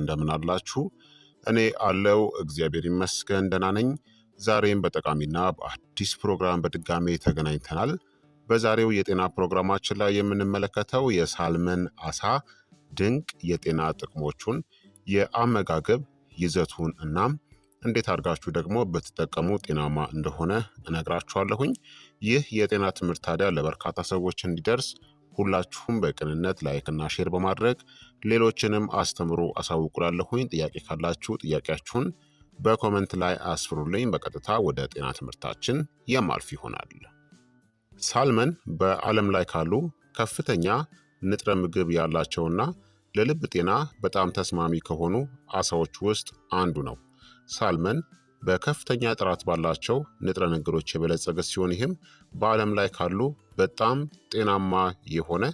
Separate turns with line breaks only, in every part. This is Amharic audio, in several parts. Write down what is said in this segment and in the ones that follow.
እንደምን አላችሁ? እኔ አለው እግዚአብሔር ይመስገን ደህና ነኝ። ዛሬም በጠቃሚና በአዲስ ፕሮግራም በድጋሜ ተገናኝተናል። በዛሬው የጤና ፕሮግራማችን ላይ የምንመለከተው የሳልመን አሳ ድንቅ የጤና ጥቅሞቹን፣ የአመጋገብ ይዘቱን እናም እንዴት አድርጋችሁ ደግሞ ብትጠቀሙ ጤናማ እንደሆነ እነግራችኋለሁኝ። ይህ የጤና ትምህርት ታዲያ ለበርካታ ሰዎች እንዲደርስ ሁላችሁም በቅንነት ላይክና ሼር በማድረግ ሌሎችንም አስተምሩ። አሳውቁላለሁኝ። ጥያቄ ካላችሁ ጥያቄያችሁን በኮመንት ላይ አስፍሩልኝ። በቀጥታ ወደ ጤና ትምህርታችን የማልፍ ይሆናል። ሳልመን በዓለም ላይ ካሉ ከፍተኛ ንጥረ ምግብ ያላቸውና ለልብ ጤና በጣም ተስማሚ ከሆኑ አሳዎች ውስጥ አንዱ ነው። ሳልመን በከፍተኛ ጥራት ባላቸው ንጥረ ነገሮች የበለጸገ ሲሆን ይህም በዓለም ላይ ካሉ በጣም ጤናማ የሆነ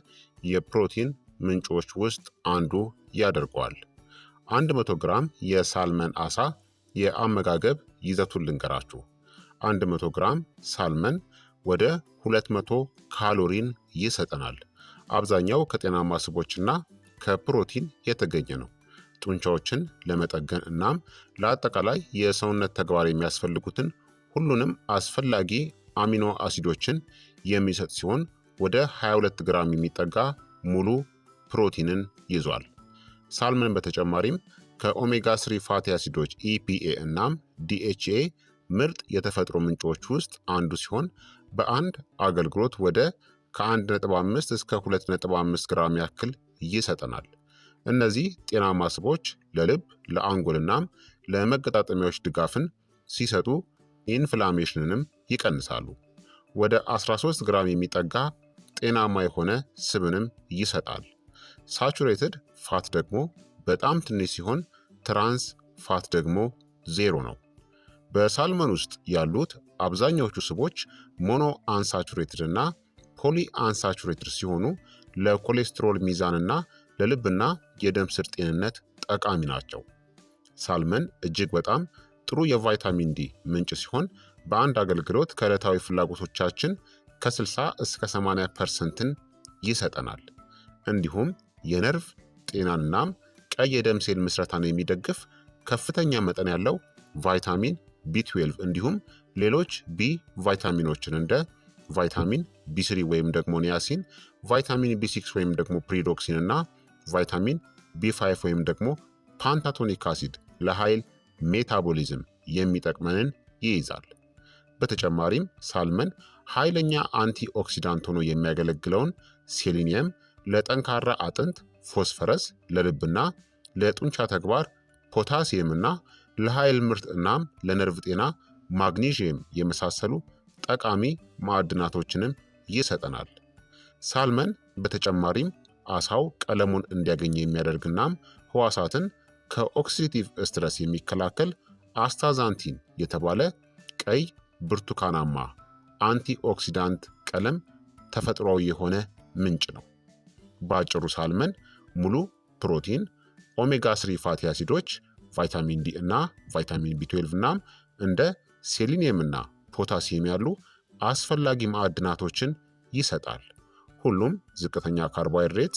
የፕሮቲን ምንጮች ውስጥ አንዱ ያደርገዋል። 100 ግራም የሳልመን አሳ የአመጋገብ ይዘቱን ልንገራችሁ። 100 ግራም ሳልመን ወደ 200 ካሎሪን ይሰጠናል። አብዛኛው ከጤናማ ስቦችና ከፕሮቲን የተገኘ ነው። ጡንቻዎችን ለመጠገን እናም ለአጠቃላይ የሰውነት ተግባር የሚያስፈልጉትን ሁሉንም አስፈላጊ አሚኖ አሲዶችን የሚሰጥ ሲሆን ወደ 22 ግራም የሚጠጋ ሙሉ ፕሮቲንን ይዟል። ሳልመን በተጨማሪም ከኦሜጋ 3 ፋቲ አሲዶች ኢፒኤ e እናም ዲኤችኤ ምርጥ የተፈጥሮ ምንጮች ውስጥ አንዱ ሲሆን በአንድ አገልግሎት ወደ ከ1.5 እስከ 2.5 ግራም ያክል ይሰጠናል። እነዚህ ጤናማ ስቦች ለልብ ለአንጎልናም ለመገጣጠሚያዎች ድጋፍን ሲሰጡ ኢንፍላሜሽንንም ይቀንሳሉ። ወደ 13 ግራም የሚጠጋ ጤናማ የሆነ ስብንም ይሰጣል። ሳቹሬትድ ፋት ደግሞ በጣም ትንሽ ሲሆን ትራንስ ፋት ደግሞ ዜሮ ነው። በሳልመን ውስጥ ያሉት አብዛኛዎቹ ስቦች ሞኖ አንሳቹሬትድ እና ፖሊ አንሳቹሬትድ ሲሆኑ ለኮሌስትሮል ሚዛንና ለልብና የደም ስር ጤንነት ጠቃሚ ናቸው። ሳልመን እጅግ በጣም ጥሩ የቫይታሚን ዲ ምንጭ ሲሆን በአንድ አገልግሎት ከዕለታዊ ፍላጎቶቻችን ከ60 እስከ 80 ፐርሰንትን ይሰጠናል። እንዲሁም የነርቭ ጤናናም ቀይ የደም ሴል ምስረታን የሚደግፍ ከፍተኛ መጠን ያለው ቫይታሚን ቢ12 እንዲሁም ሌሎች ቢ ቫይታሚኖችን እንደ ቫይታሚን ቢ3 ወይም ደግሞ ኒያሲን፣ ቫይታሚን ቢ6 ወይም ደግሞ ፕሪዶክሲን እና ቫይታሚን ቢ5 ወይም ደግሞ ፓንታቶኒክ አሲድ ለኃይል ሜታቦሊዝም የሚጠቅመንን ይይዛል። በተጨማሪም ሳልመን ኃይለኛ አንቲ ኦክሲዳንት ሆኖ የሚያገለግለውን ሴሊኒየም ለጠንካራ አጥንት፣ ፎስፈረስ ለልብና ለጡንቻ ተግባር፣ ፖታሲየምና ለኃይል ምርት እናም ለነርቭ ጤና ማግኒዥየም የመሳሰሉ ጠቃሚ ማዕድናቶችንም ይሰጠናል። ሳልመን በተጨማሪም አሳው ቀለሙን እንዲያገኝ የሚያደርግ እናም ህዋሳትን ከኦክሲዲቲቭ ስትረስ የሚከላከል አስታዛንቲን የተባለ ቀይ ብርቱካናማ አንቲኦክሲዳንት ቀለም ተፈጥሯዊ የሆነ ምንጭ ነው። በአጭሩ ሳልመን ሙሉ ፕሮቲን፣ ኦሜጋ 3 ፋቲ አሲዶች፣ ቫይታሚን ዲ እና ቫይታሚን ቢ12 እናም እንደ ሴሊኒየም እና ፖታሲየም ያሉ አስፈላጊ ማዕድናቶችን ይሰጣል። ሁሉም ዝቅተኛ ካርቦሃይድሬት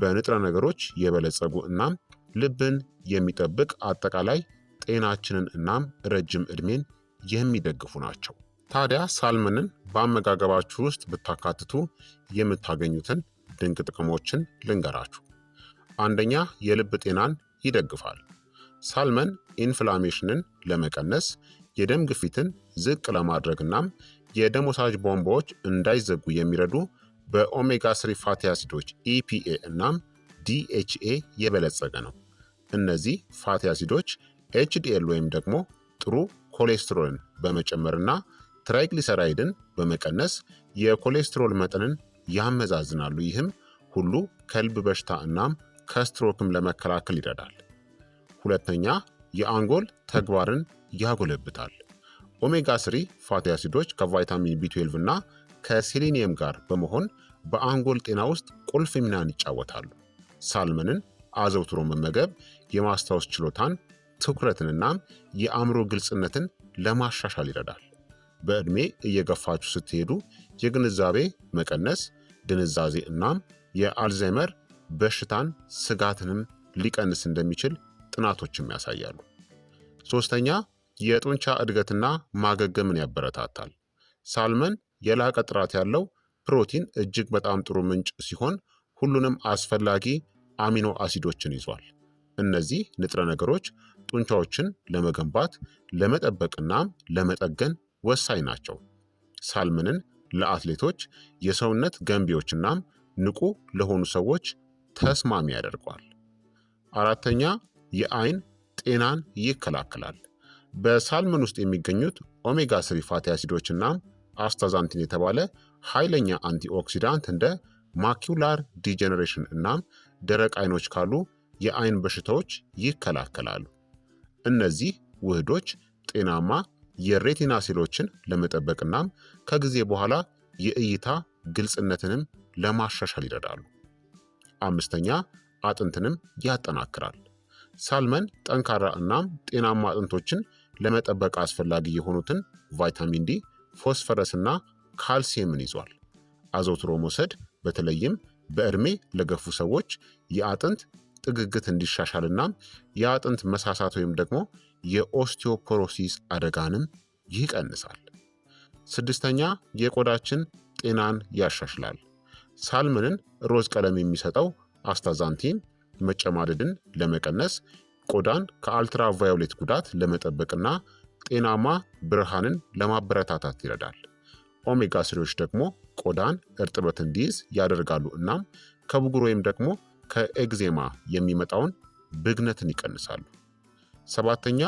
በንጥረ ነገሮች የበለጸጉ እናም ልብን የሚጠብቅ አጠቃላይ ጤናችንን እናም ረጅም ዕድሜን የሚደግፉ ናቸው። ታዲያ ሳልመንን በአመጋገባችሁ ውስጥ ብታካትቱ የምታገኙትን ድንቅ ጥቅሞችን ልንገራችሁ። አንደኛ የልብ ጤናን ይደግፋል። ሳልመን ኢንፍላሜሽንን ለመቀነስ የደም ግፊትን ዝቅ ለማድረግ እናም የደም ወሳጅ ቧንቧዎች እንዳይዘጉ የሚረዱ በኦሜጋ ስሪ ፋቲ አሲዶች ኢፒኤ e እናም ዲኤችኤ የበለጸገ ነው። እነዚህ ፋቲ አሲዶች ኤችዲኤል ወይም ደግሞ ጥሩ ኮሌስትሮልን በመጨመርና ትራይግሊሰራይድን በመቀነስ የኮሌስትሮል መጠንን ያመዛዝናሉ። ይህም ሁሉ ከልብ በሽታ እናም ከስትሮክም ለመከላከል ይረዳል። ሁለተኛ የአንጎል ተግባርን ያጎለብታል። ኦሜጋ ስሪ ፋቲ አሲዶች ከቫይታሚን ቢ12 እና ከሴሌኒየም ጋር በመሆን በአንጎል ጤና ውስጥ ቁልፍ ሚናን ይጫወታሉ። ሳልመንን አዘውትሮ መመገብ የማስታወስ ችሎታን፣ ትኩረትንና የአእምሮ ግልጽነትን ለማሻሻል ይረዳል። በዕድሜ እየገፋችሁ ስትሄዱ የግንዛቤ መቀነስ፣ ድንዛዜ እናም የአልዛይመር በሽታን ስጋትንም ሊቀንስ እንደሚችል ጥናቶችም ያሳያሉ። ሶስተኛ የጡንቻ እድገትና ማገገምን ያበረታታል። ሳልመን የላቀ ጥራት ያለው ፕሮቲን እጅግ በጣም ጥሩ ምንጭ ሲሆን ሁሉንም አስፈላጊ አሚኖ አሲዶችን ይዟል። እነዚህ ንጥረ ነገሮች ጡንቻዎችን ለመገንባት ለመጠበቅናም ለመጠገን ወሳኝ ናቸው። ሳልምንን ለአትሌቶች የሰውነት ገንቢዎችናም ንቁ ለሆኑ ሰዎች ተስማሚ ያደርገዋል። አራተኛ የአይን ጤናን ይከላከላል። በሳልመን ውስጥ የሚገኙት ኦሜጋ ስሪ ፋቲ አሲዶችናም አስታዛንቲን የተባለ ኃይለኛ አንቲኦክሲዳንት እንደ ማኪውላር ዲጀነሬሽን እናም ደረቅ አይኖች ካሉ የአይን በሽታዎች ይከላከላሉ። እነዚህ ውህዶች ጤናማ የሬቲና ሴሎችን ለመጠበቅ እናም ከጊዜ በኋላ የእይታ ግልጽነትንም ለማሻሻል ይረዳሉ። አምስተኛ አጥንትንም ያጠናክራል። ሳልመን ጠንካራ እናም ጤናማ አጥንቶችን ለመጠበቅ አስፈላጊ የሆኑትን ቫይታሚን ዲ ፎስፈረስና ካልሲየምን ይዟል። አዘውትሮ መውሰድ በተለይም በእድሜ ለገፉ ሰዎች የአጥንት ጥግግት እንዲሻሻል እናም የአጥንት መሳሳት ወይም ደግሞ የኦስቲዮፖሮሲስ አደጋንም ይቀንሳል። ስድስተኛ የቆዳችን ጤናን ያሻሽላል። ሳልምንን ሮዝ ቀለም የሚሰጠው አስታዛንቲን መጨማደድን ለመቀነስ ቆዳን ከአልትራቫዮሌት ጉዳት ለመጠበቅና ጤናማ ብርሃንን ለማበረታታት ይረዳል። ኦሜጋ ስሪዎች ደግሞ ቆዳን እርጥበት እንዲይዝ ያደርጋሉ እናም ከብጉር ወይም ደግሞ ከኤግዜማ የሚመጣውን ብግነትን ይቀንሳሉ። ሰባተኛ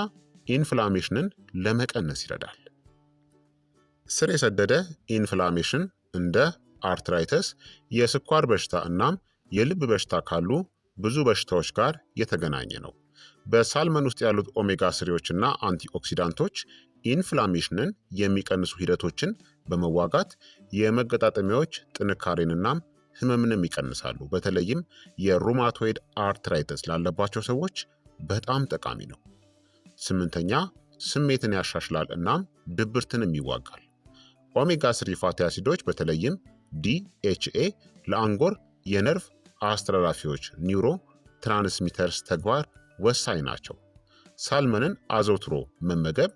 ኢንፍላሜሽንን ለመቀነስ ይረዳል። ስር የሰደደ ኢንፍላሜሽን እንደ አርትራይተስ፣ የስኳር በሽታ እናም የልብ በሽታ ካሉ ብዙ በሽታዎች ጋር የተገናኘ ነው። በሳልመን ውስጥ ያሉት ኦሜጋ ስሪዎችና አንቲኦክሲዳንቶች ኢንፍላሜሽንን የሚቀንሱ ሂደቶችን በመዋጋት የመገጣጠሚያዎች ጥንካሬንናም ህመምንም ይቀንሳሉ። በተለይም የሩማቶይድ አርትራይተስ ላለባቸው ሰዎች በጣም ጠቃሚ ነው። ስምንተኛ ስሜትን ያሻሽላል እናም ድብርትንም ይዋጋል። ኦሜጋ ስሪ ፋቲ አሲዶች በተለይም ዲኤችኤ ለአንጎር የነርቭ አስተላላፊዎች ኒውሮ ትራንስሚተርስ ተግባር ወሳኝ ናቸው። ሳልመንን አዘውትሮ መመገብ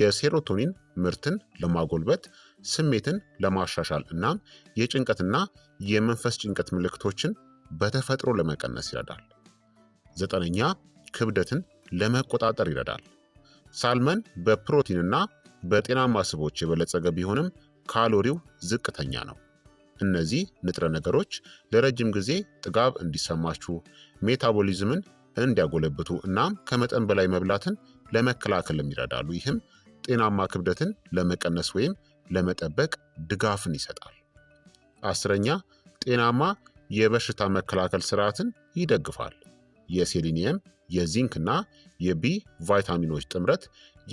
የሴሮቶኒን ምርትን ለማጎልበት፣ ስሜትን ለማሻሻል እናም የጭንቀትና የመንፈስ ጭንቀት ምልክቶችን በተፈጥሮ ለመቀነስ ይረዳል። ዘጠነኛ ክብደትን ለመቆጣጠር ይረዳል። ሳልመን በፕሮቲንና በጤናማ ስቦች የበለጸገ ቢሆንም ካሎሪው ዝቅተኛ ነው። እነዚህ ንጥረ ነገሮች ለረጅም ጊዜ ጥጋብ እንዲሰማችሁ ሜታቦሊዝምን እንዲያጎለብቱ እናም ከመጠን በላይ መብላትን ለመከላከልም ይረዳሉ። ይህም ጤናማ ክብደትን ለመቀነስ ወይም ለመጠበቅ ድጋፍን ይሰጣል። አስረኛ ጤናማ የበሽታ መከላከል ስርዓትን ይደግፋል። የሴሊኒየም የዚንክ እና የቢ ቫይታሚኖች ጥምረት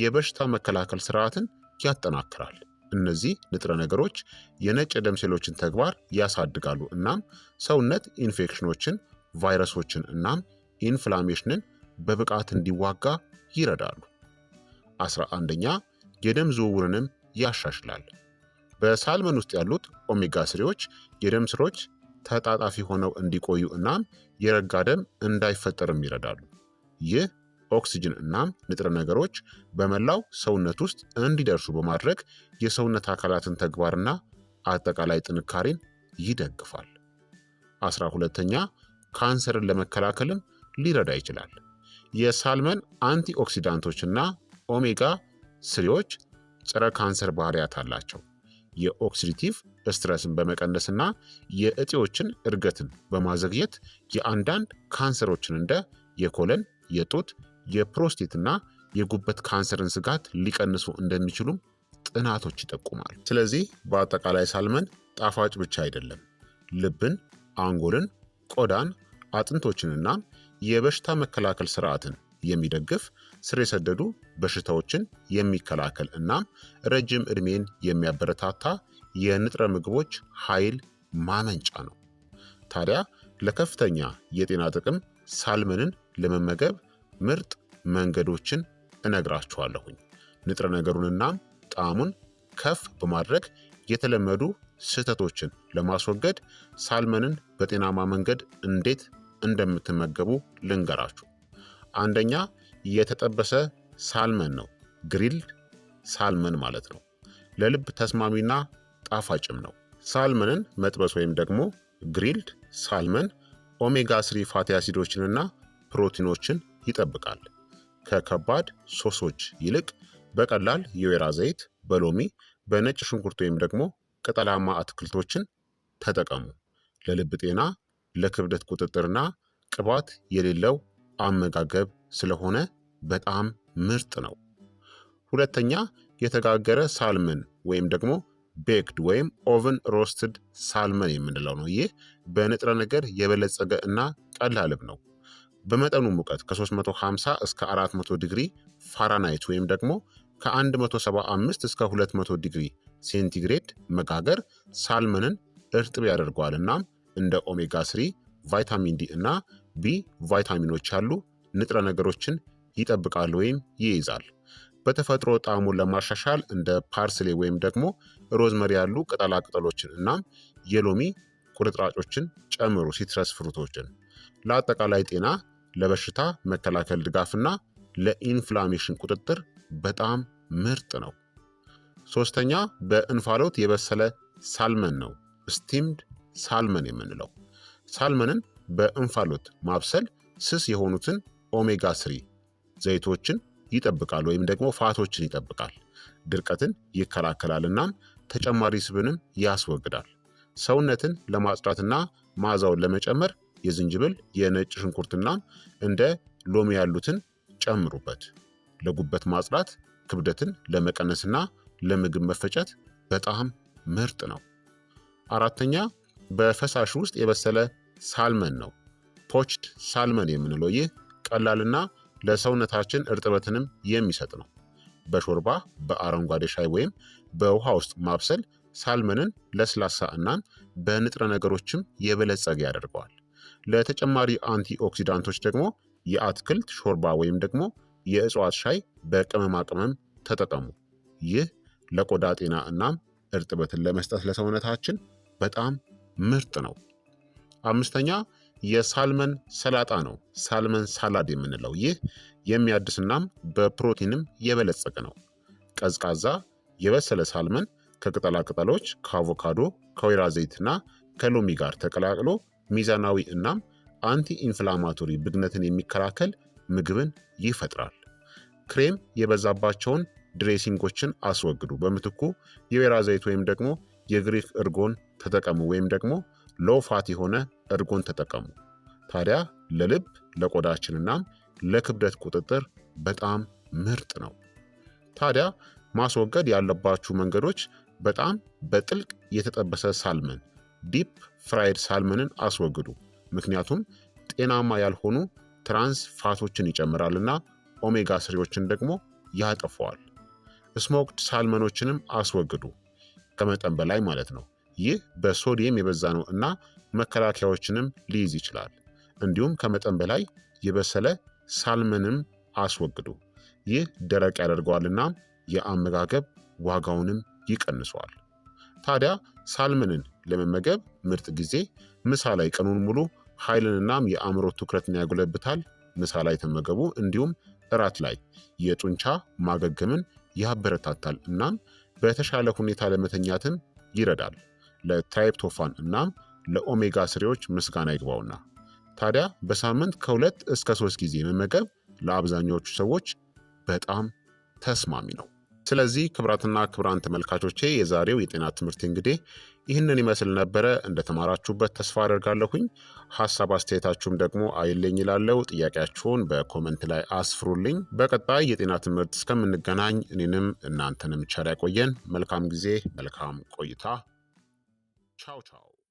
የበሽታ መከላከል ስርዓትን ያጠናክራል። እነዚህ ንጥረ ነገሮች የነጭ ደም ሴሎችን ተግባር ያሳድጋሉ እናም ሰውነት ኢንፌክሽኖችን፣ ቫይረሶችን እናም ኢንፍላሜሽንን በብቃት እንዲዋጋ ይረዳሉ። አስራ አንደኛ የደም ዝውውርንም ያሻሽላል። በሳልመን ውስጥ ያሉት ኦሜጋ ስሪዎች የደም ስሮች ተጣጣፊ ሆነው እንዲቆዩ እናም የረጋ ደም እንዳይፈጠርም ይረዳሉ። ይህ ኦክሲጅን እናም ንጥረ ነገሮች በመላው ሰውነት ውስጥ እንዲደርሱ በማድረግ የሰውነት አካላትን ተግባርና አጠቃላይ ጥንካሬን ይደግፋል። አስራ ሁለተኛ ካንሰርን ለመከላከልም ሊረዳ ይችላል። የሳልመን አንቲኦክሲዳንቶችና ኦሜጋ ስሪዎች ጸረ ካንሰር ባህሪያት አላቸው። የኦክሲዲቲቭ ስትረስን በመቀነስና የእጢዎችን እድገትን በማዘግየት የአንዳንድ ካንሰሮችን እንደ የኮለን፣ የጡት፣ የፕሮስቴትና የጉበት ካንሰርን ስጋት ሊቀንሱ እንደሚችሉም ጥናቶች ይጠቁማል። ስለዚህ በአጠቃላይ ሳልመን ጣፋጭ ብቻ አይደለም፤ ልብን፣ አንጎልን፣ ቆዳን፣ አጥንቶችንና የበሽታ መከላከል ስርዓትን የሚደግፍ ስር የሰደዱ በሽታዎችን የሚከላከል እናም ረጅም ዕድሜን የሚያበረታታ የንጥረ ምግቦች ኃይል ማመንጫ ነው። ታዲያ ለከፍተኛ የጤና ጥቅም ሳልመንን ለመመገብ ምርጥ መንገዶችን እነግራችኋለሁኝ። ንጥረ ነገሩንና ጣዕሙን ከፍ በማድረግ የተለመዱ ስህተቶችን ለማስወገድ ሳልመንን በጤናማ መንገድ እንዴት እንደምትመገቡ ልንገራችሁ። አንደኛ የተጠበሰ ሳልመን ነው፣ ግሪልድ ሳልመን ማለት ነው። ለልብ ተስማሚና ጣፋጭም ነው። ሳልመንን መጥበስ ወይም ደግሞ ግሪልድ ሳልመን ኦሜጋ ስሪ ፋቲ አሲዶችንና ፕሮቲኖችን ይጠብቃል። ከከባድ ሶሶች ይልቅ በቀላል የወይራ ዘይት፣ በሎሚ በነጭ ሽንኩርት ወይም ደግሞ ቅጠላማ አትክልቶችን ተጠቀሙ። ለልብ ጤና ለክብደት ቁጥጥርና ቅባት የሌለው አመጋገብ ስለሆነ በጣም ምርጥ ነው። ሁለተኛ የተጋገረ ሳልመን ወይም ደግሞ ቤክድ ወይም ኦቨን ሮስትድ ሳልመን የምንለው ነው። ይህ በንጥረ ነገር የበለጸገ እና ቀላልም ነው። በመጠኑ ሙቀት ከ350 እስከ 400 ዲግሪ ፋራናይት ወይም ደግሞ ከ175 እስከ 200 ዲግሪ ሴንቲግሬድ መጋገር ሳልመንን እርጥብ ያደርገዋል እናም እንደ ኦሜጋ ስሪ ቫይታሚን ዲ እና ቢ ቫይታሚኖች ያሉ ንጥረ ነገሮችን ይጠብቃል ወይም ይይዛል። በተፈጥሮ ጣዕሙን ለማሻሻል እንደ ፓርስሌ ወይም ደግሞ ሮዝመሪ ያሉ ቅጠላ ቅጠሎችን እናም የሎሚ ቁርጥራጮችን ጨምሩ፣ ሲትረስ ፍሩቶችን። ለአጠቃላይ ጤና፣ ለበሽታ መከላከል ድጋፍና ለኢንፍላሜሽን ቁጥጥር በጣም ምርጥ ነው። ሶስተኛ በእንፋሎት የበሰለ ሳልመን ነው ስቲምድ ሳልመን የምንለው ሳልመንን በእንፋሎት ማብሰል ስስ የሆኑትን ኦሜጋ ስሪ ዘይቶችን ይጠብቃል ወይም ደግሞ ፋቶችን ይጠብቃል። ድርቀትን ይከላከላል እናም ተጨማሪ ስብንም ያስወግዳል። ሰውነትን ለማጽዳትና መዓዛውን ለመጨመር የዝንጅብል የነጭ ሽንኩርትና እንደ ሎሚ ያሉትን ጨምሩበት። ለጉበት ማጽዳት፣ ክብደትን ለመቀነስና ለምግብ መፈጨት በጣም ምርጥ ነው። አራተኛ በፈሳሽ ውስጥ የበሰለ ሳልመን ነው። ፖችድ ሳልመን የምንለው ይህ ቀላልና ለሰውነታችን እርጥበትንም የሚሰጥ ነው። በሾርባ በአረንጓዴ ሻይ ወይም በውሃ ውስጥ ማብሰል ሳልመንን ለስላሳ እናም በንጥረ ነገሮችም የበለጸገ ያደርገዋል። ለተጨማሪ አንቲኦክሲዳንቶች ደግሞ የአትክልት ሾርባ ወይም ደግሞ የእጽዋት ሻይ በቅመማ ቅመም ተጠቀሙ። ይህ ለቆዳ ጤና እናም እርጥበትን ለመስጠት ለሰውነታችን በጣም ምርጥ ነው። አምስተኛ የሳልመን ሰላጣ ነው። ሳልመን ሳላድ የምንለው ይህ የሚያድስናም በፕሮቲንም የበለጸገ ነው። ቀዝቃዛ የበሰለ ሳልመን ከቅጠላ ቅጠሎች፣ ከአቮካዶ፣ ከወይራ ዘይትና ከሎሚ ጋር ተቀላቅሎ ሚዛናዊ እናም አንቲ ኢንፍላማቶሪ ብግነትን የሚከላከል ምግብን ይፈጥራል። ክሬም የበዛባቸውን ድሬሲንጎችን አስወግዱ። በምትኩ የወይራ ዘይት ወይም ደግሞ የግሪክ እርጎን ተጠቀሙ ወይም ደግሞ ሎው ፋት የሆነ እርጎን ተጠቀሙ። ታዲያ ለልብ ለቆዳችን ለክብደት ቁጥጥር በጣም ምርጥ ነው። ታዲያ ማስወገድ ያለባችሁ መንገዶች በጣም በጥልቅ የተጠበሰ ሳልመን ዲፕ ፍራይድ ሳልመንን አስወግዱ። ምክንያቱም ጤናማ ያልሆኑ ትራንስ ፋቶችን ይጨምራልና ኦሜጋ ስሪዎችን ደግሞ ያጠፈዋል። ስሞክድ ሳልመኖችንም አስወግዱ ከመጠን በላይ ማለት ነው። ይህ በሶዲየም የበዛ ነው እና መከላከያዎችንም ሊይዝ ይችላል። እንዲሁም ከመጠን በላይ የበሰለ ሳልመንም አስወግዱ። ይህ ደረቅ ያደርገዋልና የአመጋገብ ዋጋውንም ይቀንሰዋል። ታዲያ ሳልመንን ለመመገብ ምርጥ ጊዜ ምሳ ላይ ቀኑን ሙሉ ኃይልንናም የአእምሮ ትኩረትን ያጎለብታል። ምሳ ላይ ተመገቡ። እንዲሁም እራት ላይ የጡንቻ ማገገምን ያበረታታል እናም በተሻለ ሁኔታ ለመተኛትም ይረዳል። ለትራይፕቶፋን እናም ለኦሜጋ ስሪዎች ምስጋና ይግባውና ታዲያ በሳምንት ከሁለት እስከ ሶስት ጊዜ መመገብ ለአብዛኛዎቹ ሰዎች በጣም ተስማሚ ነው። ስለዚህ ክብራትና ክብራን ተመልካቾቼ የዛሬው የጤና ትምህርት እንግዲህ ይህንን ይመስል ነበረ። እንደተማራችሁበት ተስፋ አደርጋለሁኝ። ሀሳብ አስተያየታችሁም ደግሞ አይለኝ ይላለው። ጥያቄያችሁን በኮመንት ላይ አስፍሩልኝ። በቀጣይ የጤና ትምህርት እስከምንገናኝ እኔንም እናንተንም ቸር ያቆየን። መልካም ጊዜ፣ መልካም ቆይታ። 吵吵。